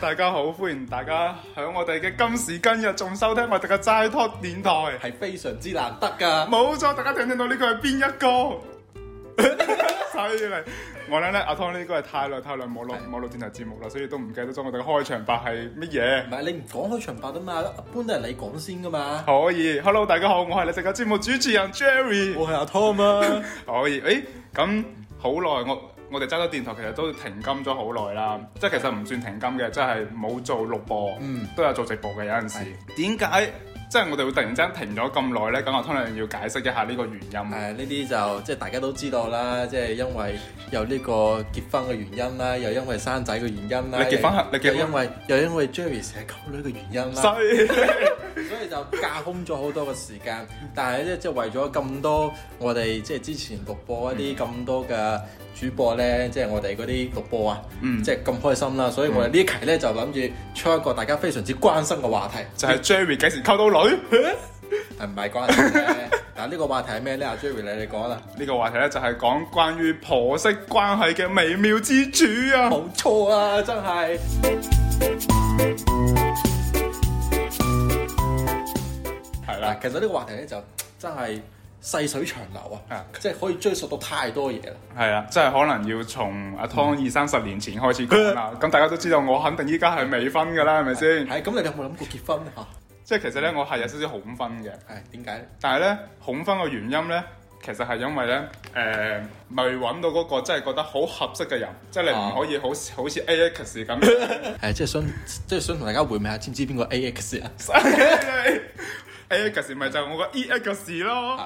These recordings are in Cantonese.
大家好，歡迎大家響我哋嘅今時今日仲收聽我哋嘅齋 talk 電台，係非常之難得噶。冇錯，大家聽唔聽到呢個係邊一個？犀利，我諗咧阿湯呢個係、啊、太耐太耐冇錄冇錄電台節目啦，所以都唔記得咗我哋嘅開場白係乜嘢。唔係你唔講開場白啊嘛，一般都係你講先噶嘛。可以，Hello，大家好，我係你哋嘅節目主持人 Jerry，我係阿湯啊 可以，誒、欸，咁好耐我。我哋揸咗電台，其實都停金咗好耐啦，即係其實唔算停金嘅，即係冇做錄播，嗯、都有做直播嘅有陣時。點解即係我哋會突然間停咗咁耐咧？咁我通常要解釋一下呢個原因。誒、哎，呢啲就即係大家都知道啦，即係因為有呢個結婚嘅原因啦，又因為生仔嘅原因啦，你結婚你結婚又，又因為又因為 Jerry 成日溝女嘅原因啦。 就架空咗好多嘅時間，但係咧即係為咗咁多我哋即係之前錄播一啲咁多嘅主播咧，即係、嗯、我哋嗰啲錄播啊，嗯，即係咁開心啦、啊，所以我哋呢期咧就諗住出一個大家非常之關心嘅話題，就係 Jerry 幾時溝到女？係唔係關係？嗱，呢個話題係咩咧？阿、 啊、Jerry 你你講啦，呢個話題咧就係講關於婆媳關係嘅微妙之處啊，冇錯啊，真係。 嗱，其實呢個話題咧就真係細水長流啊， 即係可以追溯到太多嘢啦。係 啊，即係可能要從阿湯二三十年前開始講啦。咁、嗯、大家都知道，我肯定依家係未婚嘅啦，係咪先？係，咁你哋有冇諗過結婚吓啊？即係其實咧，我係有少少恐婚嘅。係點解？但係咧恐婚嘅原因咧，其實係因為咧，誒未揾到嗰個真係覺得好合適嘅人，即、就、係、是、你唔可以好、啊、好似 A X 咁，係 即係想即係想同大家回味下，知唔知邊個 A X 啊？ 誒，其實咪就係我個 E X 嘅事咯。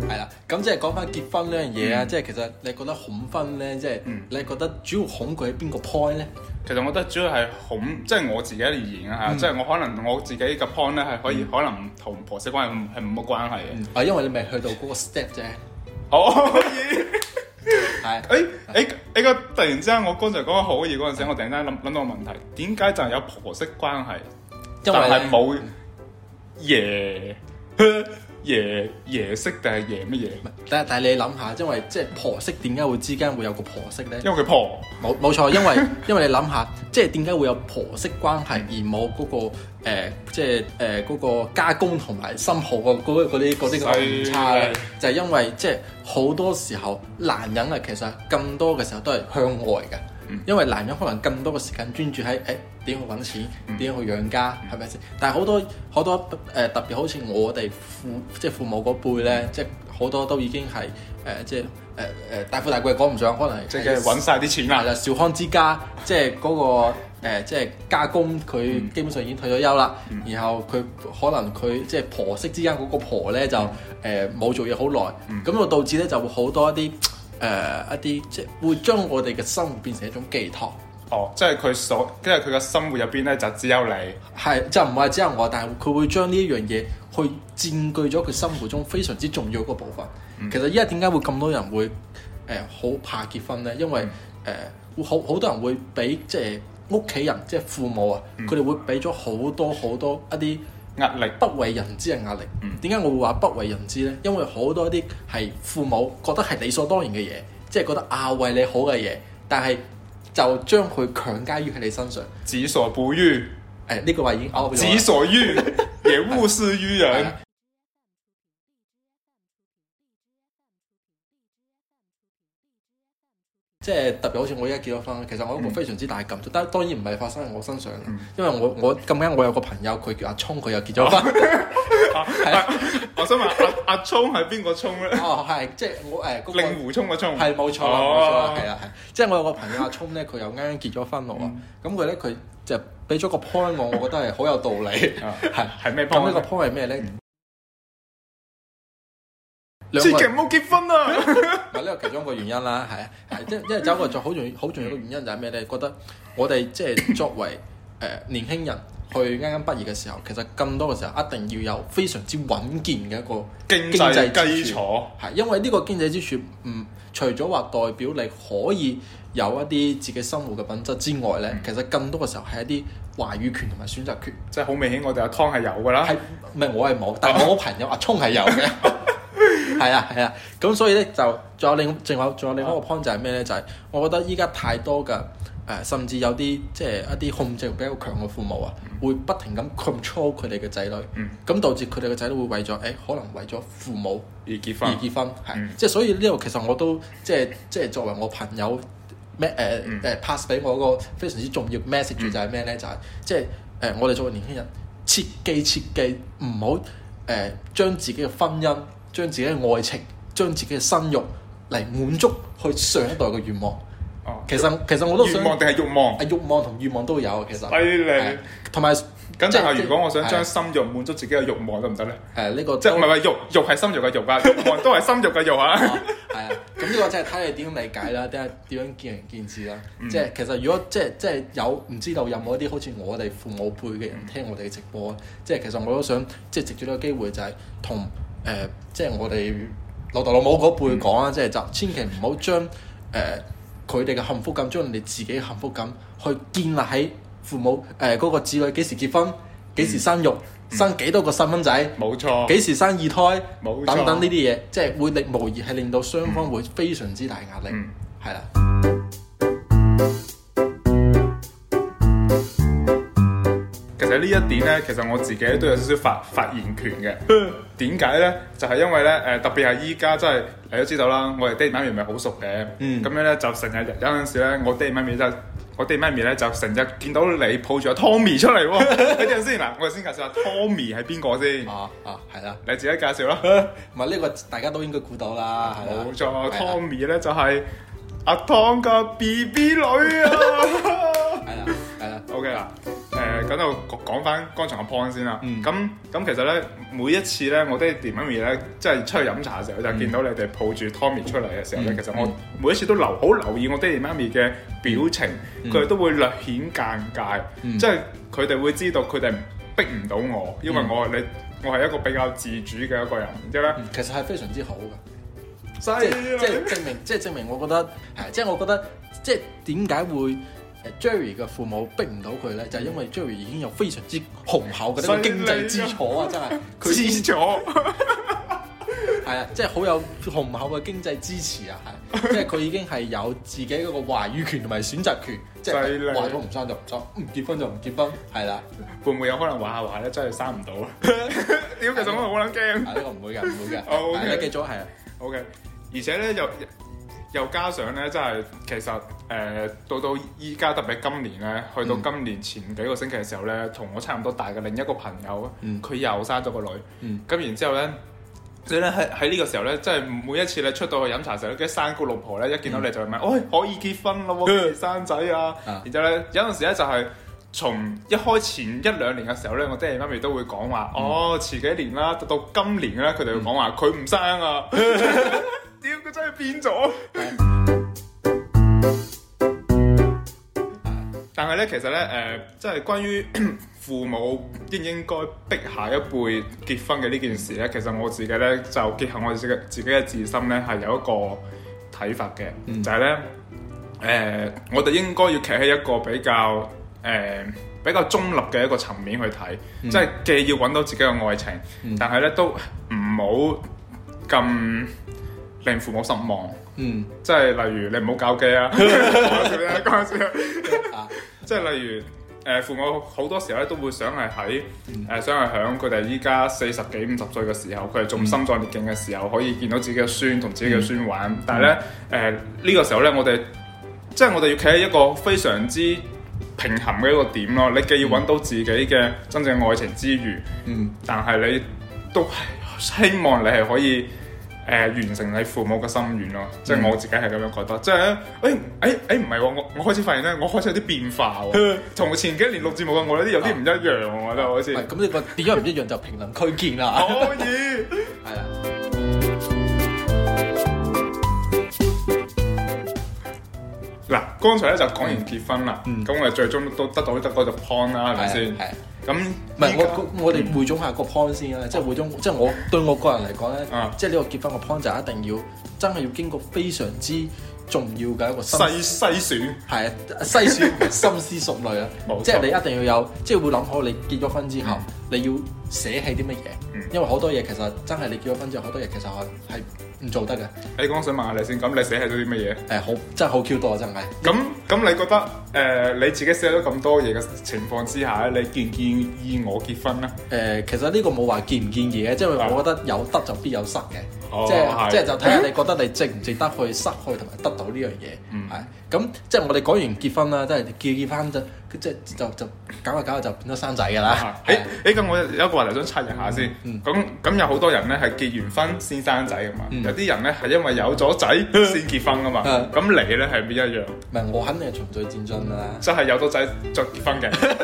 係啦，咁即係講翻結婚呢樣嘢啊，即係、嗯、其實你係覺得恐婚咧，即係你係覺得主要恐懼喺邊個 point 咧？其實我覺得主要係恐，即係我自己而言啊吓，即係我可能我自己嘅 point 咧係可以，可能同婆媳關係係冇關係嘅。啊，因為你未去到嗰個 step 啫、 嗯。可以。係，誒。突然之間，我剛才講好嘢嗰陣時，我突然間諗諗到個問題，點解就係有婆媳關係，因為但係冇爺，爺爺式定係爺乜嘢？唔但係但係你諗下，因為即係、就是、婆媳點解會之間會有個婆媳咧？因為佢婆冇冇錯，因為因為你諗下，即係點解會有婆媳關係而冇嗰、那個？誒、呃，即係誒嗰個家公同埋新抱嗰啲啲差咧，就係、是、因為即係好多時候男人啊，其實更多嘅時候都係向外嘅，嗯、因為男人可能更多嘅時間專注喺誒點去揾錢，點去、嗯、養家，係咪先？但係好多好多誒、呃，特別好似我哋父即係父母嗰輩咧，嗯、即係好多都已經係誒、呃、即係誒誒大富大貴講唔上，可能即係揾晒啲錢啦，就小、啊、康之家，即係嗰、那個。 誒即係加工，佢基本上已經退咗休啦。嗯、然後佢可能佢即係婆媳之間嗰個婆咧就誒冇做嘢好耐，咁、嗯呃、就導致咧就會好多一啲誒、呃、一啲即係會將我哋嘅生活變成一種寄託。哦，即係佢所，即係佢嘅生活入邊咧就係、只有你，係就唔係只有我，但係佢會將呢一樣嘢去佔據咗佢生活中非常之重要嗰個部分。嗯、其實依家點解會咁多人會誒好、呃、怕結婚咧？因為誒會好好多人會俾即係，人屋企人即係父母啊，佢哋、嗯、會俾咗好多好多一啲壓力，不為人知嘅壓力。點解、嗯、我會話不為人知呢？因為好多啲係父母覺得係理所當然嘅嘢，即、就、係、是、覺得啊為你好嘅嘢，但係就將佢強加於喺你身上。己所不欲，誒呢句話已經拗唔到。己、啊、所欲， 也勿施於人。 即係特別，好似我而家結咗婚，其實我一個非常之大嘅感觸，但當然唔係發生喺我身上。因為我我咁啱我有個朋友，佢叫阿聰，佢又結咗婚。啊，我想問阿阿聰係邊個聰咧？哦，係即係我誒令狐聰嘅聰。係冇錯，冇錯，係啊，係。即係我有個朋友阿聰咧，佢又啱啱結咗婚喎。咁佢咧佢就俾咗個 point 我，我覺得係好有道理。係係咩 point？咁呢個 point 係咩咧？之前冇結婚啊，唔係呢 個其中一個原因啦，係係，即係因為走過咗好重要好重要嘅原因就係咩咧？ 覺得我哋即係作為誒年輕人去啱啱畢業嘅時候，其實更多嘅時候一定要有非常之穩健嘅一個經濟基礎，係因為呢個經濟支柱唔除咗話代表你可以有一啲自己生活嘅品質之外咧，嗯、其實更多嘅時候係一啲話語權同埋選擇權，即係好明顯我哋阿湯係有㗎啦，係唔係？我係冇，但係我個朋友阿聰係有嘅。 係啊，係啊，咁所以咧就仲有另，仲有仲有另外一個 point 就係咩咧？就係我覺得依家太多嘅誒，甚至有啲即係一啲控制欲比較強嘅父母啊，會不停咁 control 佢哋嘅仔女，咁導致佢哋嘅仔女會為咗誒，可能為咗父母而結婚，而結婚係，即係所以呢度其實我都即係即係作為我朋友咩誒誒 pass 俾我個非常之重要 message 就係咩咧？就係即係誒，我哋作為年輕人，切記切記唔好誒將自己嘅婚姻。將自己嘅愛情、將自己嘅心欲嚟滿足，去上一代嘅願望。其實其實我都想願望定係欲望啊！慾望同願望都有，其實。犀利。同埋，咁即係如果我想將心欲滿足自己嘅欲望，得唔得咧？誒，呢個即係唔係唔係慾慾係心欲嘅慾啊，慾望都係心欲嘅慾啊。係啊，咁呢個即係睇你點理解啦，點點樣見仁見智啦。即係其實如果即係即係有唔知道任何一啲好似我哋父母輩嘅人聽我哋嘅直播，即係其實我都想即係直接呢個機會就係同。誒、呃，即係我哋老豆老母嗰輩講啦，即係、嗯、就千祈唔好將誒佢哋嘅幸福感，將你哋自己嘅幸福感，去建立喺父母誒嗰、呃那個子女幾時結婚、幾、嗯、時生育、嗯、生幾多個細蚊仔、冇錯，幾時生二胎，冇錯等等呢啲嘢，即、就、係、是、會令無疑係令到雙方會非常之大壓力，係啦、嗯。呢一點咧，其實我自己都有少少發發言權嘅。點解咧？就係因為咧，誒特別係依家真係你都知道啦，我哋爹哋媽咪咪好熟嘅。嗯，咁樣咧就成日有陣時咧，我爹哋媽咪就我爹哋媽咪咧就成日見到你抱住阿 Tommy 出嚟喎。等陣先嗱， 我哋先介紹下 Tommy 係邊個先？啊啊，係啦，你自己介紹啦。唔係，呢個大家都應該估到啦，冇錯。Tommy 咧就係阿湯嘅 BB 女啊。係啦，係啦，OK 啦。Uh, 誒，咁就講翻，剛才個 point 先啦。咁咁其實咧，每一次咧，我爹地媽咪咧，即係出去飲茶嘅時候，嗯、就見到你哋抱住 Tommy 出嚟嘅時候咧，嗯、其實我每一次都留好留意我爹地媽咪嘅表情，佢哋、嗯、都會略顯尷尬，嗯、即係佢哋會知道佢哋逼唔到我，嗯、因為我你我係一個比較自主嘅一個人，然之後咧，其實係非常之好嘅，所以的，即係、即係即係、證明，即係證明，我覺得誒，即係我覺得，即係點解會？Jerry 嘅父母逼唔到佢咧，就係、因為 Jerry 已經有非常之雄厚嘅經濟基礎啊，真係基咗，係啊，即係好有雄厚嘅經濟支持啊，係，即係佢已經係有自己嗰個話語權同埋選擇權，即係話咗唔生就唔生，唔、嗯、結婚就唔結婚，係啦，會唔會有可能話下話咧，真係生唔到咧？屌， 其實 我好撚驚呢個唔會嘅，唔會嘅，大家記住係啊，OK，而且咧又。 又加上咧，真係其實誒、呃，到到依家特別今年咧，去到今年前幾個星期嘅時候咧，同我差唔多大嘅另一個朋友，佢、嗯、又生咗個女。咁、嗯、然之後咧，所以咧喺喺呢個時候咧，即係每一次咧出到去飲茶時候咧，啲三姑六婆咧一見到你就係咩：嗯、哦，可以結婚啦喎、哦，嗯、生仔啊！啊然之後咧有陣時咧就係、是、從一開前一兩年嘅時候咧，我爹哋媽咪都會講話：嗯、哦，遲幾年啦，到到今年咧佢哋會講話佢唔生啊。 真係變咗。 但係咧，其實咧，誒、呃，即係關於 父母應唔應該逼下一輩結婚嘅呢件事咧，嗯、其實我自己咧就結合我自己嘅自己嘅自身咧係有一個睇法嘅，嗯、就係咧，誒、呃，我哋應該要企喺一個比較誒、呃、比較中立嘅一個層面去睇，即係、嗯、既要揾到自己嘅愛情，嗯、但係咧都唔好咁，令父母失望，嗯，即係例如你唔好搞基啊！講笑講笑。即係例如，誒、啊 呃、父母好多時候咧都會想係喺誒想係喺佢哋依家四十幾五十歲嘅時候，佢哋仲心壯力勁嘅時候，嗯、可以見到自己嘅孫同自己嘅孫玩。嗯、但係咧，誒呢、嗯呃這個時候咧，我哋即係我哋要企喺一個非常之平衡嘅一個點咯。你既要搵到自己嘅真正愛情之餘，嗯，但係你都希望你係可以。誒、呃、完成你父母嘅心願咯，即係、嗯、我自己係咁樣覺得，即係咧，誒誒唔係喎，我我開始發現咧，我開始有啲變化喎、哦，同 前幾年錄節目嘅我咧有啲唔一樣喎、哦，覺、啊、得好似，咁你個點樣唔一樣就評論區見啦， 可以，係啦。嗱，剛才咧就講完結婚啦，咁我哋最終都得到得嗰個 point 啦，係咪先？係。咁，唔係我我哋匯總下個 point 先啦，即係匯總，即係我對我個人嚟講咧，即係呢個結婚個 point 就一定要真係要經過非常之重要嘅一個篩篩選，係啊，篩選、心思熟慮啊，即係你一定要有，即係會諗好你結咗婚之後。你要捨棄啲乜嘢？嗯、因為好多嘢其實真係你結咗婚之後、hey, 欸，好多嘢其實係係唔做得嘅。你講想問下你先，咁你捨棄咗啲乜嘢？誒，好真係好 Q 多真係。咁咁，你覺得誒、呃、你自己寫咗咁多嘢嘅情況之下，你建唔建議我結婚咧？誒、欸，其實呢個冇話建唔建議嘅，即係我覺得有得就必有失嘅，嗯、即係是、哦、就睇下你覺得你值唔值得去失去同埋得到呢樣嘢。嗯，咁即係我哋講完結婚啦，都係結婚結翻啫。咁即係就就搞下搞下就變咗生仔噶啦。哎哎咁我有一個話題想插入下先。咁咁有好多人咧，係結完婚先生仔噶嘛。有啲人咧，係因為有咗仔先結婚噶嘛。咁你咧，係邊一樣？唔係我肯定係循序漸進噶啦。即係有咗仔再結婚嘅。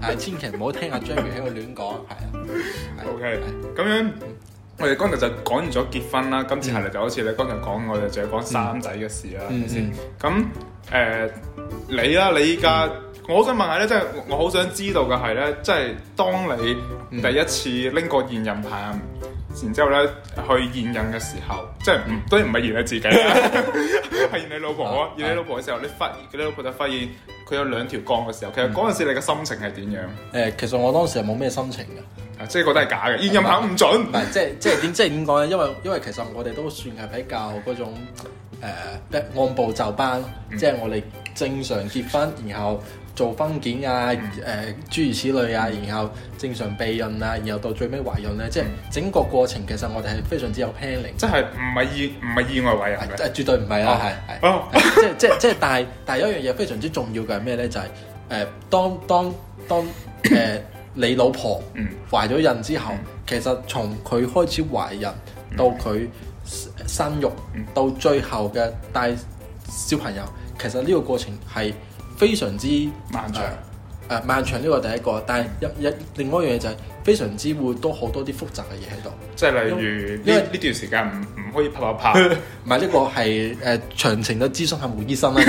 但係千祈唔好聽阿張如喺度亂講。係啊。O K。咁樣我哋剛才就講完咗結婚啦。今次下嚟就好似你剛才講，我哋仲要講生仔嘅事啦，先。咁。誒你啦，你依、啊、家、嗯，我好想問下咧，即係我好想知道嘅係咧，即係當你第一次拎個驗孕棒，然之後咧去驗孕嘅時候，即係唔當然唔係驗你自己，係 你老婆，驗、啊、你老婆嘅時候，啊、你發現、啊、你老婆就發現佢有兩條槓嘅時候，其實嗰陣時你嘅心情係點樣？誒、嗯，其實我當時係冇咩心情嘅。即係覺得係假嘅，驗孕盒唔準。唔係即係即係點即係點講咧？因為因為其實我哋都算係比較嗰種按部就班，即係我哋正常結婚，然後做婚檢啊誒諸如此類啊，然後正常備孕啊，然後到最尾懷孕咧，即係整個過程其實我哋係非常之有 planning。即係唔係意唔係意外懷孕？誒絕對唔係啊！係係即係即係即係，但係但係有一樣嘢非常之重要嘅係咩咧？就係誒當當當誒。你老婆懷咗孕之後，其實從佢開始懷孕到佢生育，到最後嘅帶小朋友，其實呢個過程係非常之漫長。誒漫長呢個第一個，但係一一另外一樣嘢就係非常之會多好多啲複雜嘅嘢喺度。即係例如，因為呢段時間唔唔可以啪啪啪。唔係呢個係誒詳情嘅諮詢係胡醫生啊？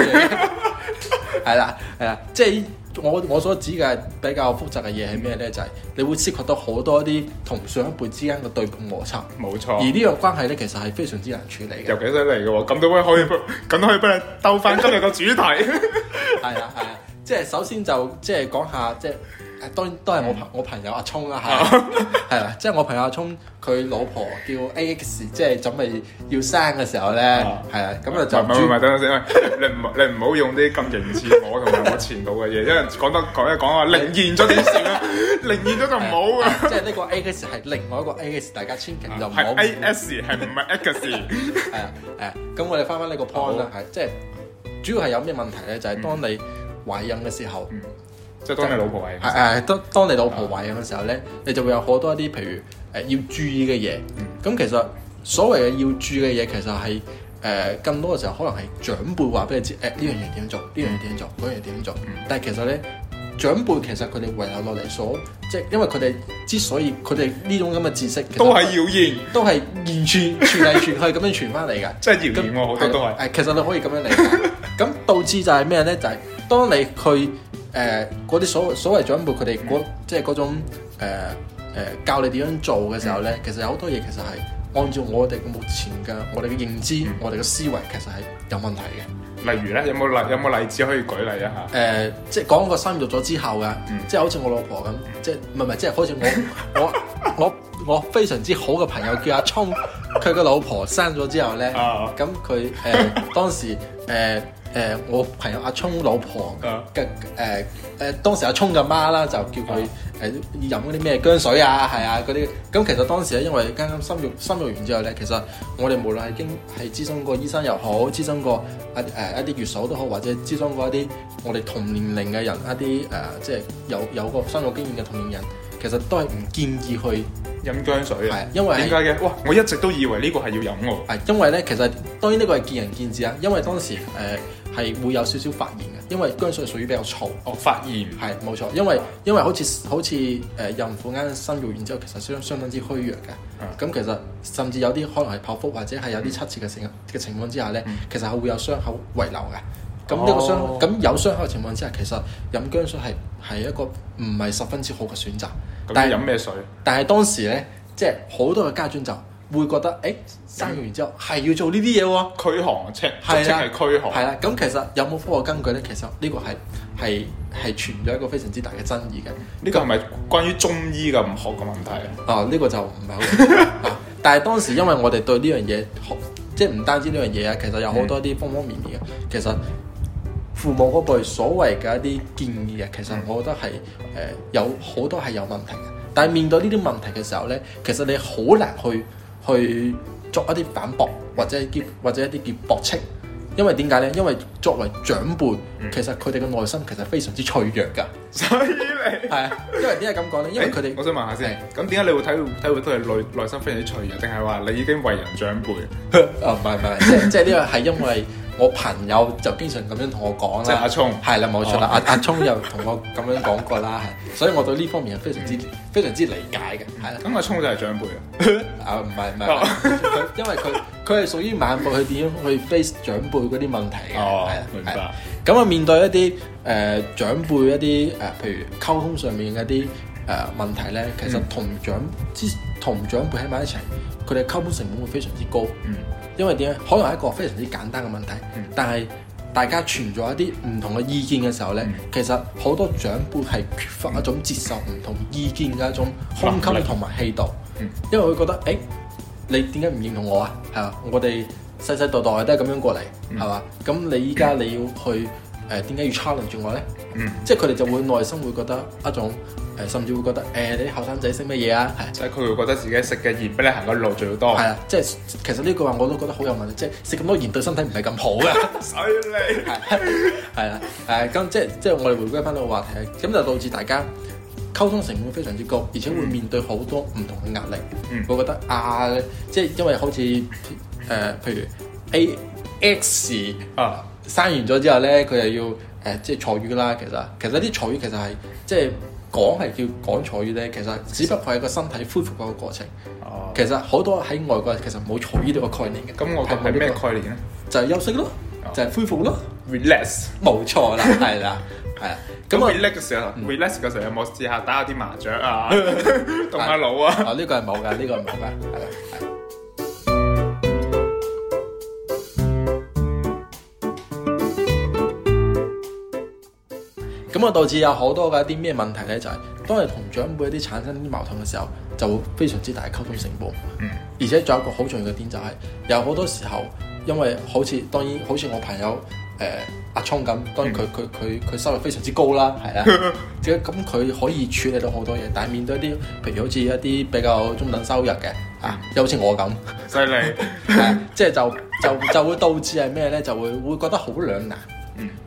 係啦，係啦，即係。我我所指嘅比較複雜嘅嘢係咩咧？就係、是、你會涉及到好多啲同上一輩之間嘅對碰摩擦。冇錯。而呢樣關係咧，其實係非常之難處理嘅。又幾犀利嘅喎，咁都可以，咁可以幫你兜翻今日個主題。係啊係啊，即係、啊啊就是、首先就即係、就是、講下即。就是當然都係我朋我朋友阿聰啦，係係啦，即係我朋友阿聰佢老婆叫 A X，即係準備要生嘅時候咧，係啊，咁啊就唔唔唔，等等先，你唔你唔好用啲咁形似我同埋我前度嘅嘢，因為講得講一講啊，靈驗咗點算啊？靈驗咗就唔好啊！即係呢個 A X 係另外一個 A X，大家千祈就唔好。係 A X 係唔係 X？係啊，誒，咁我哋翻翻呢個 point 啦，係即係主要係有咩問題咧？就係當你懷孕嘅時候。即係當你老婆懷孕，係係當當你老婆懷孕嘅時候咧，你就會有好多一啲，譬如誒要注意嘅嘢。咁其實所謂嘅要注意嘅嘢，其實係誒更多嘅時候可能係長輩話俾你知，誒呢樣嘢點樣做，呢樣嘢點樣做，嗰樣嘢點樣做。但係其實咧，長輩其實佢哋遺留落嚟，所即係因為佢哋之所以佢哋呢種咁嘅知識，都係謠言，都係完全傳嚟傳去咁樣傳翻嚟嘅，即係謠言喎好多都係。誒，其實你可以咁樣理解。咁導致就係咩咧？就係當你去誒嗰啲所所謂長輩佢哋即係嗰種誒、呃呃、教你點樣做嘅時候咧，其實有好多嘢其實係按照我哋目前嘅我哋嘅認知、嗯、我哋嘅思維，其實係有問題嘅。例如咧，有冇例有冇例子可以舉例一下？誒、呃，即係講個生育咗之後嘅，即係好似我老婆咁，嗯、即係唔係唔係，即係、即係、好似我 我我我非常之好嘅朋友叫阿聰，佢嘅老婆生咗之後咧，咁佢誒當時誒。呃嗯嗯嗯誒、呃，我朋友阿聰老婆嘅誒誒，當時阿聰嘅媽，媽啦，就叫佢誒飲嗰啲咩薑水啊，係啊嗰啲。咁其實當時咧，因為啱啱生育生育完之後咧，其實我哋無論係經係諮詢過醫生又好，諮詢過誒誒、呃呃、一啲月嫂都好，或者諮詢過一啲我哋同年齡嘅人，一啲誒即係有有個生育經驗嘅同年人，其實都係唔建議去飲薑水嘅、啊。係、啊，因為點解嘅？哇，我一直都以為呢個係要飲喎。係，因為咧，其實當然呢個係見仁見智啊。因為當時誒。呃呃係會有少少發炎嘅，因為薑水屬於比較燥。哦，發炎係冇錯，因為因為好似好似誒孕婦啱生完之後，其實相相當之虛弱嘅。咁、嗯、其實甚至有啲可能係剖腹或者係有啲七切嘅成嘅情況之下咧，嗯、其實係會有傷口遺留嘅。咁呢個傷咁、哦、有傷口嘅情況之下，其實飲薑水係係一個唔係十分之好嘅選擇。咁飲咩水？但係當時咧，即係好多嘅家陣就。會覺得，誒、欸、生完之後係、嗯、要做呢啲嘢喎？驅寒，稱俗稱係驅寒。係啦，咁其實有冇科學根據呢？其實呢個係係係存在一個非常之大嘅爭議嘅。呢這個係咪、嗯、關於中醫嘅唔學嘅問題啊？呢、哦這個就唔係好。但係當時因為我哋對呢樣嘢，即係唔單止呢樣嘢啊，其實有好多啲方方面面嘅。嗯、其實父母嗰輩所謂嘅一啲建議啊，其實我覺得係誒、呃、有好多係有問題嘅。但係面對呢啲問題嘅時候呢，其實你好難去。去作一啲反駁，或者叫或者一啲叫駁斥，因為點解咧？因為作為長輩，嗯、其實佢哋嘅內心其實非常之脆弱㗎。所以你，係， 因為點解咁講咧？欸、因為佢哋，我想問下先。咁點解你會體會體會到係內內心非常之脆弱，定係話你已經為人長輩？啊、 哦，唔係唔係，即即呢個係因為。 我朋友就經常咁樣同我講啦，阿聰，係啦冇錯啦，阿阿聰又同我咁樣講過啦，所以我對呢方面係非常之非常之理解嘅，係啦。咁阿聰就係長輩啊？啊唔係唔係，因為佢佢係屬於晚輩，去點樣去 face 長輩嗰啲問題嘅？哦，明白。咁啊面對一啲誒長輩一啲誒，譬如溝通上面嘅一啲誒問題咧，其實同長之同長輩喺埋一齊，佢哋溝通成本會非常之高，嗯。因為點樣？可能係一個非常之簡單嘅問題，嗯、但係大家存在一啲唔同嘅意見嘅時候咧，嗯、其實好多長輩係缺乏一種接受唔同意見嘅一種胸襟同埋氣度，嗯、因為佢覺得，誒、欸，你點解唔認同我啊？係啊，我哋世世代代都係咁樣過嚟，係嘛、嗯？咁你依家你要去。誒，點解要 challenge 住我咧？嗯，即係佢哋就會內心會覺得一種誒，甚至會覺得誒、呃，你啲後生仔識乜嘢啊？係，即係佢會覺得自己食嘅鹽比你行嘅路仲要多。係啦，即係其實呢句話我都覺得好有問題，即係食咁多鹽對身體唔係咁好嘅。所以你係啊，啦，咁即係即係我哋回歸翻呢個話題，咁就導致大家溝通成本非常之高，而且會面對好多唔同嘅壓力。嗯，我、嗯、覺得啊，即係因為好似誒、呃，譬如 A X 啊。啊 啊生完咗之後咧，佢又要誒即係坐月啦。其實其實啲坐月其實係即係講係叫講坐月咧，其實只不過係個身體恢復個過程。哦，其實好多喺外國其實冇坐月呢個概念嘅。咁我係咩概念咧？就係休息咯，就係恢復咯，relax，冇錯啦，係啦，係啊。咁 relax 嘅時候，relax 嘅時候有冇試下打下啲麻雀啊，動下腦啊？呢個係冇㗎，呢個係冇㗎。咁啊，導致有好多嘅一啲咩問題咧，就係、是、當係同長輩一啲產生啲矛盾嘅時候，就會非常之大嘅溝通成本。嗯，而且仲有一個好重要嘅點就係、是，有好多時候，因為好似當然好似我朋友誒、呃、阿聰咁，當然佢佢佢佢收入非常之高啦，係啦，咁佢 可以處理到好多嘢，但係面對一啲譬如好似一啲比較中等收入嘅啊，又好似我咁犀利，即係厲害、 啊、就是、就就會導致係咩咧？就會會覺得好兩難。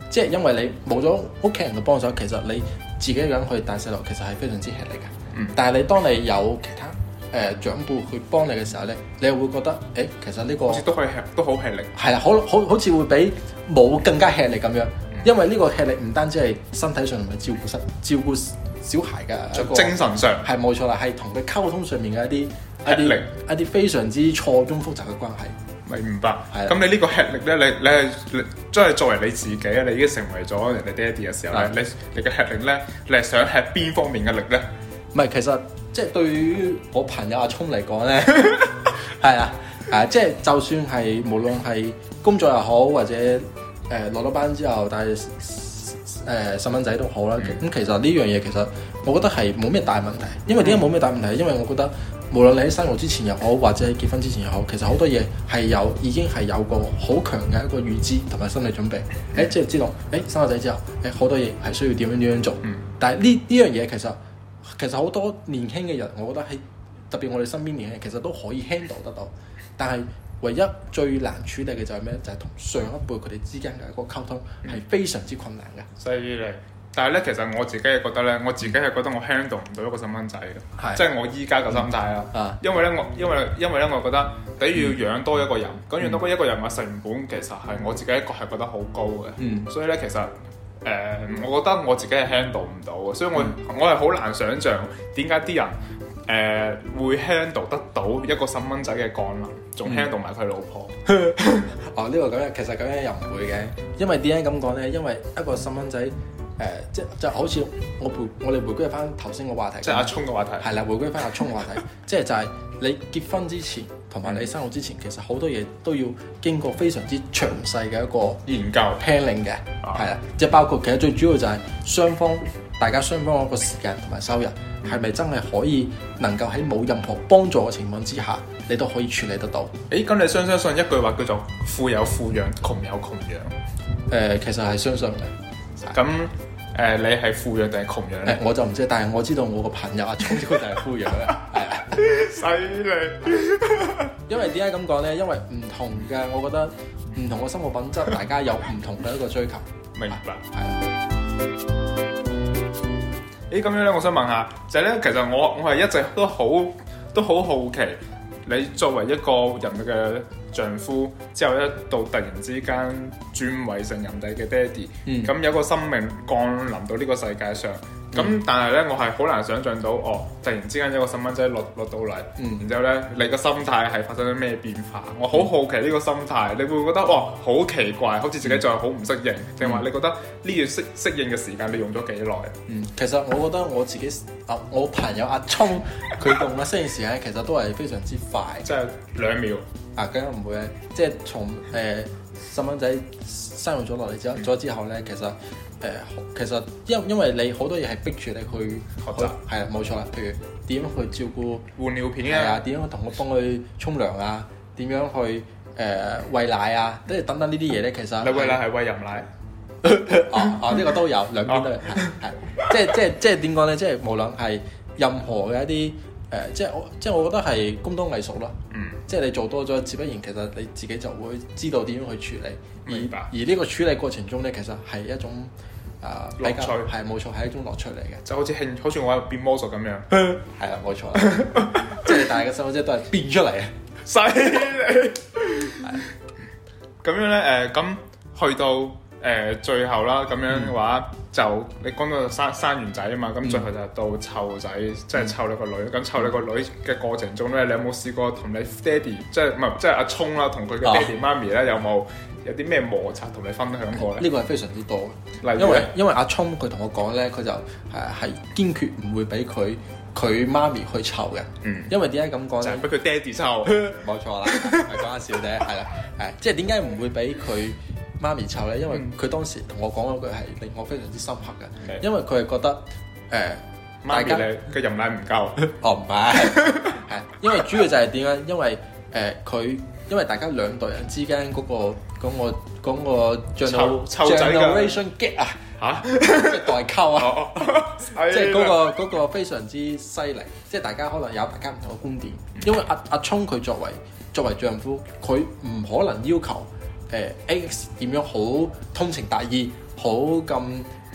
即係因為你冇咗屋企人嘅幫手，其實你自己一個人去帶細路，其實係非常之吃力嘅。嗯。但係你當你有其他誒、呃、長輩去幫你嘅時候咧，你又會覺得，誒、欸、其實呢、呢個好似都可以吃，都好吃力。係啦，好好好似會比冇更加吃力咁樣，嗯、因為呢個吃力唔單止係身體上同埋照顧身照顧小孩嘅精神上係冇錯啦，係同佢溝通上面嘅一啲力一啲一啲非常之錯綜複雜嘅關係。明白，咁的你呢個吃力咧，你你係真係作為你自己，你已經成為咗人哋爹哋嘅時候的你你嘅吃力咧，你係想吃邊方面嘅力咧？唔係，其實即係對於我朋友阿聰嚟講咧，係啊， 係啊，即係就算係無論係工作又好，或者誒落咗班之後帶，但係誒細蚊仔都好啦。咁、嗯、其實呢樣嘢其實我覺得係冇咩大問題，因為點解冇咩大問題？嗯、因為我覺得。無論你喺生育之前又好，或者喺結婚之前又好，其實好多嘢係有已經係有個好強嘅一個預知同埋心理準備。誒，即係知道，誒，生個仔之後，誒，好多嘢係需要點樣點樣做。嗯。但係呢呢樣嘢其實其實好多年輕嘅人，我覺得喺特別我哋身邊年輕人，其實都可以 handle 得到。但係唯一最難處理嘅就係咩？就係、是、同上一輩佢哋之間嘅一個溝通係非常之困難嘅。所以嚟。但係咧，其實我自己係覺得咧，我自己係覺得我 handle 唔到一個細蚊仔嘅，是即係我依家個心態啦、嗯啊。因為咧，我因為因為咧，我覺得，比如要養多一個人，咁、嗯、養多一個人嘅成本、嗯、其實係我自己一個係覺得好高嘅，嗯、所以咧，其實誒、呃，我覺得我自己係 handle 唔到嘅，所以我、嗯、我係好難想象點解啲人誒、呃、會 handle 得到一個細蚊仔嘅降臨，仲 handle 埋佢老婆。啊、嗯，呢、嗯 哦呢個咁樣其實咁樣又唔會嘅，因為點解咁講咧？因為一個細蚊仔。誒、呃，即係就好似我，我回我哋回歸翻頭先個話題，即係阿聰個話題，係啦，回歸翻阿聰個話題， 即係就係你結婚之前同埋你生活之前，其實好多嘢都要經過非常之詳細嘅一個研究 planning 嘅，係啦、啊，即係包括其實最主要就係雙方大家雙方嗰個時間同埋收入，係咪真係可以能夠喺冇任何幫助嘅情況之下，你都可以處理得到？誒，咁你相唔相信一句話叫做富有富養，窮有窮養？誒、呃，其實係相信嘅，咁。誒、呃，你係富養定係窮養咧？我就唔知，但係我知道我個朋友啊，總之佢就係富養啦。係啊，犀利。 因為點解咁講咧？因為唔同嘅，我覺得唔同嘅生活品質， 大家有唔同嘅一個追求。明白，係啦的。誒、欸，咁樣咧，我想問下，就係、是、咧，其實我我係一直都好都好好奇，你作為一個人嘅丈夫之後，一度突然之間轉位成人哋嘅爹哋，咁、嗯、有個生命降臨到呢個世界上。咁、嗯、但係咧，我係好難想象到，哦，突然之間一個細蚊仔落落到嚟，嗯，然之後咧，你個心態係發生咗咩變化？我好好奇呢個心態，嗯、你會,唔會覺得哇、哦、好奇怪，好似自己仲係好唔適應，定話、嗯、你覺得呢段適適應嘅時間你用咗幾耐？嗯，其實我覺得我自己啊，我朋友阿聰佢用嘅適應時間其實都係非常之快即兩、嗯啊，即係兩秒啊，梗係唔會咧，即係從誒細蚊仔生活咗落嚟之咗之後咧、嗯，其實、嗯。其實誒，其實因因為你好多嘢係逼住你去學習，係啊，冇錯啊。譬如點樣去照顧換尿片咧，點樣同佢幫佢沖涼啊，點、啊、樣去誒、啊呃、餵奶啊，即係等等呢啲嘢咧。其實，餵奶係餵人奶。哦哦、 啊，呢、啊這個都有兩邊都係係，即係即係即係點講咧？即係無論係任何嘅一啲誒，即係我即係我覺得係工多藝熟咯。嗯。即係你做多咗，自不然其實你自己就會知道點樣去處理。而白而呢個處理過程中咧，其實係一種誒、呃、樂趣，係冇錯，係一種樂趣嚟嘅，就好似興，好似我變魔術咁樣，係 啊，冇錯， 即係大嘅細路仔即係都係變出嚟啊！犀、嗯、利，咁樣咧誒，咁去到。誒最後啦，咁樣嘅話就你講到生生完仔啊嘛，咁最後就到湊仔，嗯、即係湊你個女。咁湊、嗯、你個女嘅過程中咧，你有冇試過同你爹哋，即係唔係即係阿聰啦，同佢嘅爹哋媽咪咧有冇有啲咩摩擦同你分享過咧？呢個係非常之多，因為因為阿聰佢同我講咧，佢就誒係、啊、堅決唔會俾佢佢媽咪去湊嘅。嗯，因為點解咁講咧？俾佢爹哋湊，冇 錯啦，係講下笑啫，係啦，誒， 即係點解唔會俾佢？媽咪吵咧，因為佢當時同我講嗰句係令我非常之深刻嘅，Okay. 因為佢係覺得誒，呃、媽咪你佢人奶唔夠，哦唔係，係 因為主要就係點樣？因為誒佢、呃、因為大家兩代人之間嗰、那個嗰、那個嗰、那個丈母 generation gap 啊，嚇、那個，即、那、係、個那個那個、代溝啊，即係嗰個非常之犀利，即、就、係、是、大家可能有大家唔同嘅觀點，因為阿阿聰佢作為作為丈夫，佢唔可能要求。誒 X 點樣好通情達意，好咁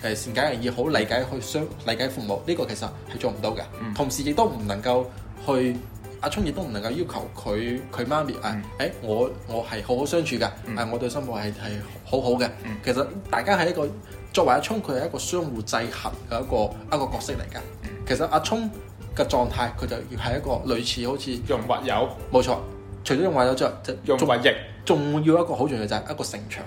誒善解人意，好理解去相理解父母呢個其實係做唔到嘅。同時亦都唔能夠去阿聰，亦都唔能夠要求佢佢媽咪啊！誒、eh? 我我係好好相處嘅，誒 我對生活係係好好嘅。其實大家係一個作為阿聰，佢係一個相互制衡嘅一個一個角色嚟嘅。 其實阿聰嘅狀態，佢就係一個類似好似潤滑油，冇錯，除咗潤滑油之外，就潤滑液。法用 仲要一個好重要就係一個城牆，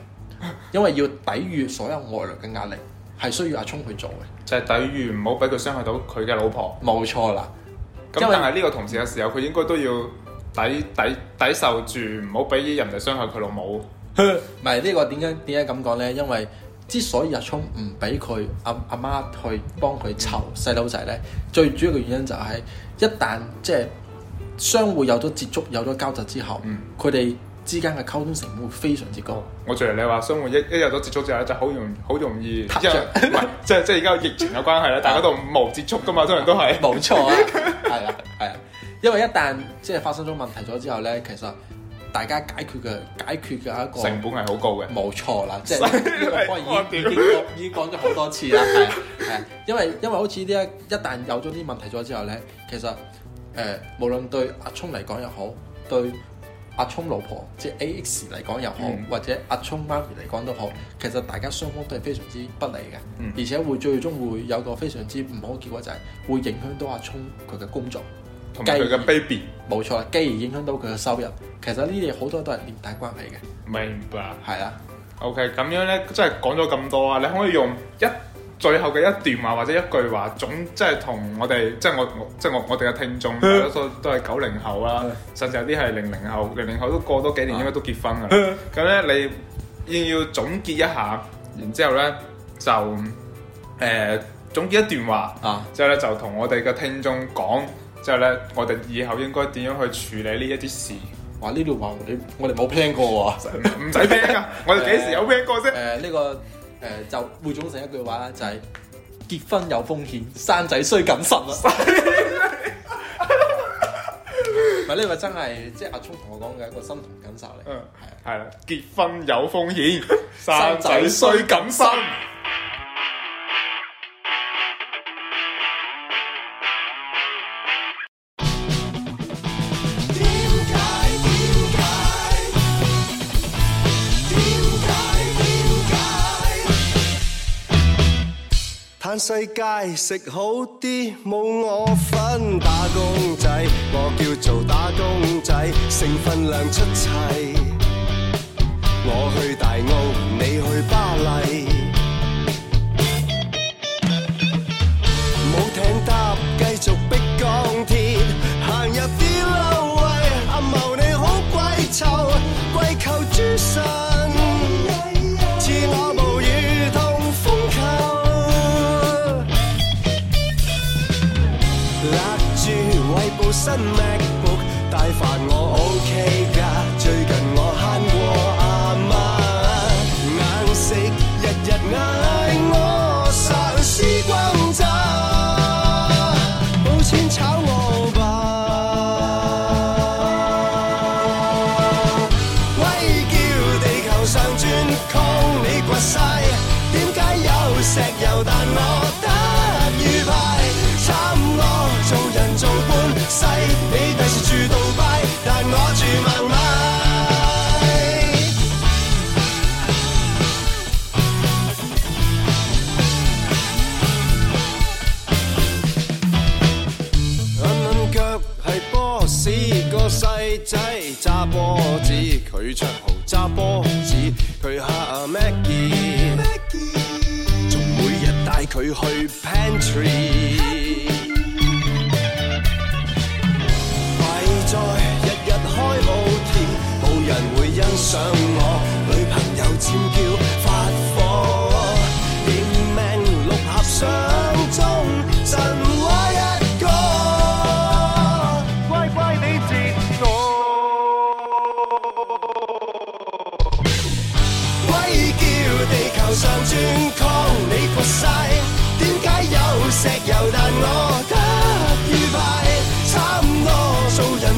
因為要抵禦所有外來嘅壓力，係需要阿聰去做嘅。就係抵禦，唔好俾佢傷害到佢嘅老婆。冇錯啦。咁但係呢個同時嘅時候，佢為應該都要抵抵抵受住，唔好俾人哋傷害佢老母。唔係呢個點解點解咁講呢？因為之所以阿聰唔俾佢阿阿媽去幫佢湊細佬仔呢，嗯、最主要嘅原因就係一旦即係相互有咗接觸、有咗交集之後，佢哋、嗯。之間嘅溝通成本會非常之高。我正如你話，生活一一有咗接觸之後，就好容好容易。容易 即係即係而家疫情有關係咧，大家都無接觸噶嘛，通常都係。冇錯，係啊，係啊，啊，啊。因為一旦即係發生咗問題咗之後咧，其實大家解決嘅解決嘅一個成本係好高嘅。冇錯啦，即係我已經 已經講咗好多次啦，係係、啊啊。因為因為好似呢，一一旦有咗啲問題咗之後咧，其實誒、呃、無論對阿聰嚟講又好對。阿聰老婆，即係 A X 嚟講又好，嗯、或者阿聰媽咪嚟講都好，其實大家雙方都係非常之不利嘅，嗯、而且會最終會有個非常之唔好嘅結果，就係會影響到阿聰佢嘅工作，同佢嘅 baby，冇錯啦，繼而影響到佢嘅收入，其實呢啲好多都係連帶關係嘅。明白，係啦的。O K，咁樣咧，即係講咗咁多啊，你可以用一。最後嘅一段話或者一句話總即係同我哋即係我，我即係我我哋嘅聽眾好多 都係九零後啦，甚至有啲係零零後，零零後都過多幾年應該都結婚啦。咁咧、 嗯、你要要總結一下，然之後咧就誒、呃、總結一段話啊， 之後咧就同我哋嘅聽眾講，之後咧我哋以後應該點樣去處理呢一啲事？哇！呢段話你我哋冇 plan 過喎，唔使 plan 噶，我哋幾、啊、 時有 plan 過啫？誒呢、呃呃呃這個。誒，就匯總成一句話啦，就係結婚有風險，生仔需謹慎啦。唔係呢個真係，即係阿聰同我講嘅一個心同感受嚟。嗯，係係啦，結婚有風險，生仔需謹慎。世界食好啲冇我份，打工仔我叫做打工仔，成份量出齊，我去大澳。佢唱豪揸波子，佢嚇阿 Maggie，仲每日帶佢去 Pantry。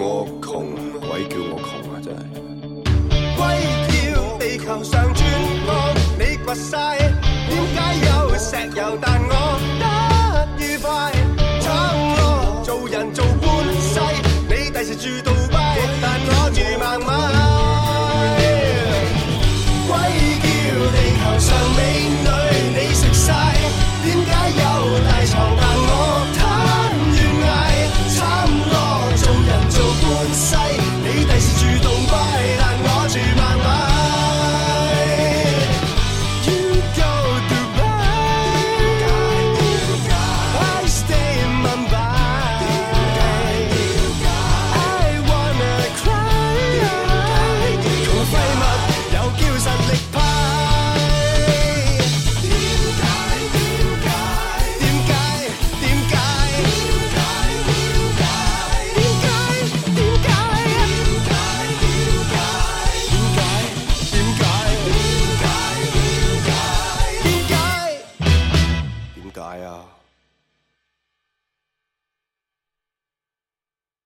我窮啊，鬼叫我窮啊，真係。